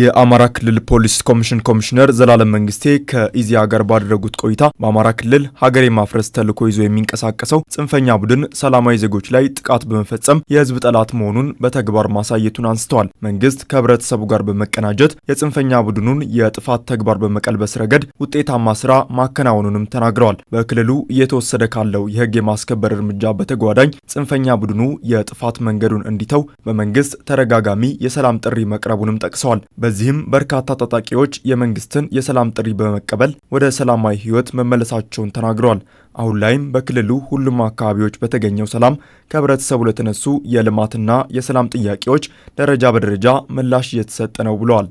የአማራ ክልል ፖሊስ ኮሚሽን ኮሚሽነር ዘላለም መንግስቴ ከኢዚያ ጋር ባደረጉት ቆይታ በአማራ ክልል ሀገር የማፍረስ ተልዕኮ ይዞ የሚንቀሳቀሰው ጽንፈኛ ቡድን ሰላማዊ ዜጎች ላይ ጥቃት በመፈጸም የህዝብ ጠላት መሆኑን በተግባር ማሳየቱን አንስተዋል። መንግስት ከህብረተሰቡ ጋር በመቀናጀት የጽንፈኛ ቡድኑን የጥፋት ተግባር በመቀልበስ ረገድ ውጤታማ ስራ ማከናወኑንም ተናግረዋል። በክልሉ እየተወሰደ ካለው የህግ የማስከበር እርምጃ በተጓዳኝ ጽንፈኛ ቡድኑ የጥፋት መንገዱን እንዲተው በመንግስት ተደጋጋሚ የሰላም ጥሪ መቅረቡንም ጠቅሰዋል። በዚህም በርካታ ታጣቂዎች የመንግስትን የሰላም ጥሪ በመቀበል ወደ ሰላማዊ ህይወት መመለሳቸውን ተናግረዋል። አሁን ላይም በክልሉ ሁሉም አካባቢዎች በተገኘው ሰላም ከህብረተሰቡ ለተነሱ የልማትና የሰላም ጥያቄዎች ደረጃ በደረጃ ምላሽ እየተሰጠ ነው ብለዋል።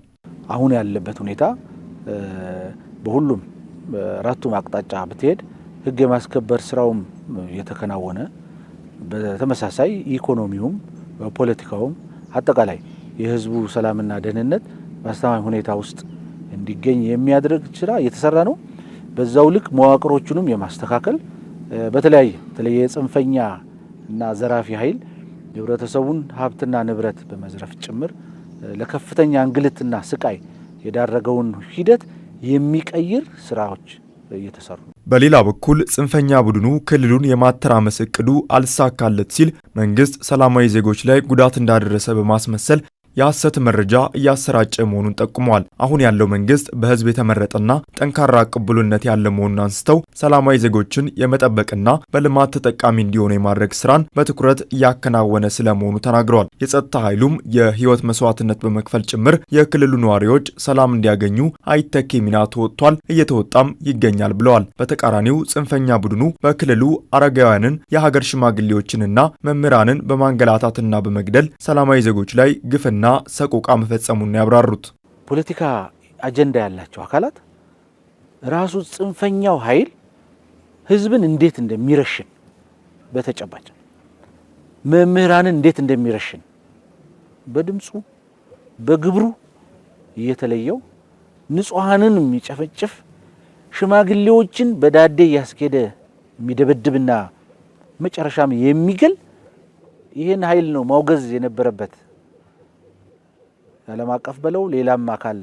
አሁን ያለበት ሁኔታ በሁሉም አራቱም አቅጣጫ ብትሄድ ህግ የማስከበር ስራውም የተከናወነ በተመሳሳይ ኢኮኖሚውም ፖለቲካውም አጠቃላይ የህዝቡ ሰላምና ደህንነት በአስተማማኝ ሁኔታ ውስጥ እንዲገኝ የሚያደርግ ስራ እየተሰራ ነው። በዛው ልክ መዋቅሮቹንም የማስተካከል በተለያየ በተለየ የጽንፈኛ እና ዘራፊ ኃይል የህብረተሰቡን ሀብትና ንብረት በመዝረፍ ጭምር ለከፍተኛ እንግልትና ስቃይ የዳረገውን ሂደት የሚቀይር ስራዎች እየተሰሩ ነው። በሌላ በኩል ጽንፈኛ ቡድኑ ክልሉን የማተራመስ እቅዱ አልሳካለት ሲል መንግስት ሰላማዊ ዜጎች ላይ ጉዳት እንዳደረሰ በማስመሰል የሐሰት መረጃ እያሰራጨ መሆኑን ጠቁመዋል። አሁን ያለው መንግስት በህዝብ የተመረጠና ጠንካራ ቅቡልነት ያለ መሆኑን አንስተው ሰላማዊ ዜጎችን የመጠበቅና በልማት ተጠቃሚ እንዲሆኑ የማድረግ ስራን በትኩረት እያከናወነ ስለመሆኑ ተናግረዋል። የጸጥታ ኃይሉም የህይወት መስዋዕትነት በመክፈል ጭምር የክልሉ ነዋሪዎች ሰላም እንዲያገኙ አይተኬ ሚና ተወጥቷል፣ እየተወጣም ይገኛል ብለዋል። በተቃራኒው ጽንፈኛ ቡድኑ በክልሉ አረጋውያንን፣ የሀገር ሽማግሌዎችንና መምህራንን በማንገላታትና በመግደል ሰላማዊ ዜጎች ላይ ግፍና ግድያና ሰቆቃ መፈጸሙን ያብራሩት ፖለቲካ አጀንዳ ያላቸው አካላት ራሱ ጽንፈኛው ኃይል ህዝብን እንዴት እንደሚረሽን በተጨባጭ መምህራንን እንዴት እንደሚረሽን በድምፁ በግብሩ እየተለየው ንጹሐንን የሚጨፈጭፍ ሽማግሌዎችን በዳዴ እያስኬደ የሚደበድብና መጨረሻም የሚገል ይህን ኃይል ነው ማውገዝ የነበረበት። ዓለም አቀፍ በለው ሌላም አካል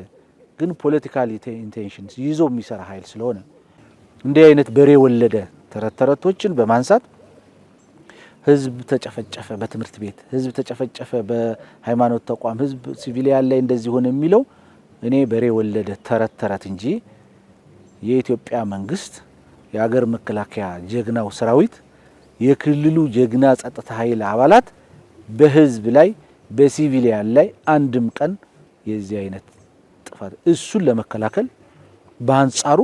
ግን ፖለቲካል ኢንቴንሽን ይዞ የሚሰራ ኃይል ስለሆነ እንዲህ አይነት በሬ ወለደ ተረት ተረቶችን በማንሳት ህዝብ ተጨፈጨፈ በትምህርት ቤት፣ ህዝብ ተጨፈጨፈ በሃይማኖት ተቋም፣ ህዝብ ሲቪሊያን ላይ እንደዚህ ሆነ የሚለው እኔ በሬ ወለደ ተረት ተረት እንጂ የኢትዮጵያ መንግስት የአገር መከላከያ ጀግናው ሰራዊት የክልሉ ጀግና ጸጥታ ኃይል አባላት በህዝብ ላይ በሲቪሊያን ላይ አንድም ቀን የዚህ አይነት ጥፋት እሱን ለመከላከል በአንጻሩ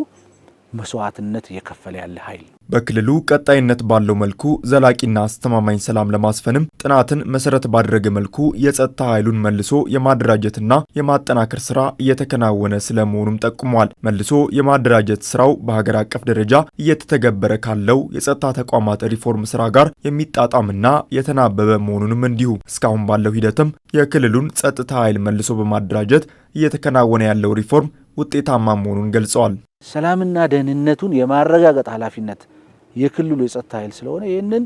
መስዋዕትነት እየከፈለ ያለ ኃይል በክልሉ ቀጣይነት ባለው መልኩ ዘላቂና አስተማማኝ ሰላም ለማስፈንም ጥናትን መሰረት ባደረገ መልኩ የጸጥታ ኃይሉን መልሶ የማደራጀትና የማጠናከር ስራ እየተከናወነ ስለመሆኑም ጠቁሟል። መልሶ የማደራጀት ስራው በሀገር አቀፍ ደረጃ እየተተገበረ ካለው የጸጥታ ተቋማት ሪፎርም ስራ ጋር የሚጣጣምና የተናበበ መሆኑንም እንዲሁ እስካሁን ባለው ሂደትም የክልሉን ጸጥታ ኃይል መልሶ በማደራጀት እየተከናወነ ያለው ሪፎርም ውጤታማ መሆኑን ገልጸዋል። ሰላምና ደህንነቱን የማረጋገጥ ኃላፊነት የክልሉ የጸጥታ ኃይል ስለሆነ ይህንን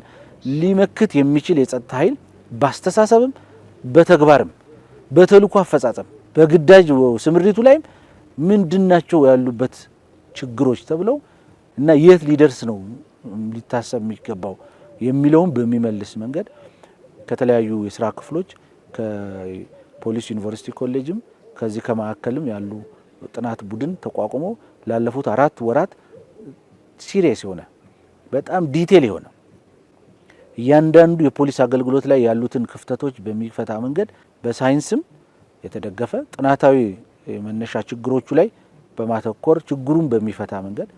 ሊመክት የሚችል የጸጥታ ኃይል በአስተሳሰብም በተግባርም በተልእኮ አፈጻጸም በግዳጅ ስምሪቱ ላይም ምንድናቸው ያሉበት ችግሮች ተብለው እና የት ሊደርስ ነው ሊታሰብ የሚገባው የሚለውን በሚመልስ መንገድ ከተለያዩ የስራ ክፍሎች ከፖሊስ ዩኒቨርሲቲ ኮሌጅም ከዚህ ከማዕከልም ያሉ ጥናት ቡድን ተቋቁሞ ላለፉት አራት ወራት ሲሪየስ የሆነ በጣም ዲቴል የሆነ እያንዳንዱ የፖሊስ አገልግሎት ላይ ያሉትን ክፍተቶች በሚፈታ መንገድ በሳይንስም የተደገፈ ጥናታዊ መነሻ ችግሮቹ ላይ በማተኮር ችግሩን በሚፈታ መንገድ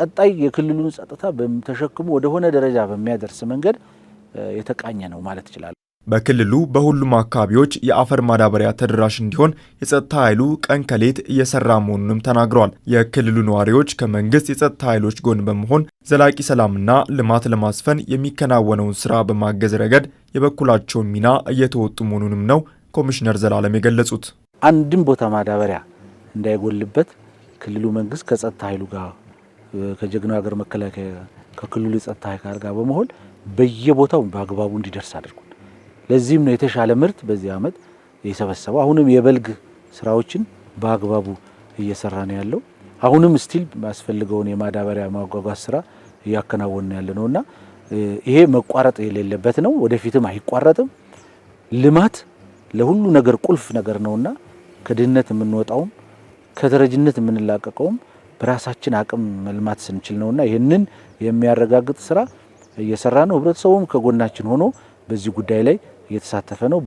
ቀጣይ የክልሉን ጸጥታ ተሸክሞ ወደሆነ ደረጃ በሚያደርስ መንገድ የተቃኘ ነው ማለት ይችላል። በክልሉ በሁሉም አካባቢዎች የአፈር ማዳበሪያ ተደራሽ እንዲሆን የጸጥታ ኃይሉ ቀን ከሌት እየሰራ መሆኑንም ተናግረዋል። የክልሉ ነዋሪዎች ከመንግስት የጸጥታ ኃይሎች ጎን በመሆን ዘላቂ ሰላምና ልማት ለማስፈን የሚከናወነውን ስራ በማገዝ ረገድ የበኩላቸውን ሚና እየተወጡ መሆኑንም ነው ኮሚሽነር ዘላለም የገለጹት። አንድም ቦታ ማዳበሪያ እንዳይጎልበት ክልሉ መንግስት ከጸጥታ ኃይሉ ጋር ከጀግናው ሀገር መከላከያ ከክልሉ የጸጥታ ኃይል ጋር በመሆን በየቦታው በአግባቡ እንዲደርስ አድርጓል። ለዚህም ነው የተሻለ ምርት በዚህ ዓመት የሰበሰበው። አሁንም የበልግ ስራዎችን በአግባቡ እየሰራ ነው ያለው። አሁንም ስቲል የሚያስፈልገውን የማዳበሪያ ማጓጓዝ ስራ እያከናወን ያለ ነው እና ይሄ መቋረጥ የሌለበት ነው። ወደፊትም አይቋረጥም። ልማት ለሁሉ ነገር ቁልፍ ነገር ነውና ከድህነት የምንወጣውም ከደረጅነት የምንላቀቀውም በራሳችን አቅም መልማት ስንችል ነውና ይህንን የሚያረጋግጥ ስራ እየሰራ ነው። ህብረተሰቡም ከጎናችን ሆኖ በዚህ ጉዳይ ላይ እየተሳተፈ ነው።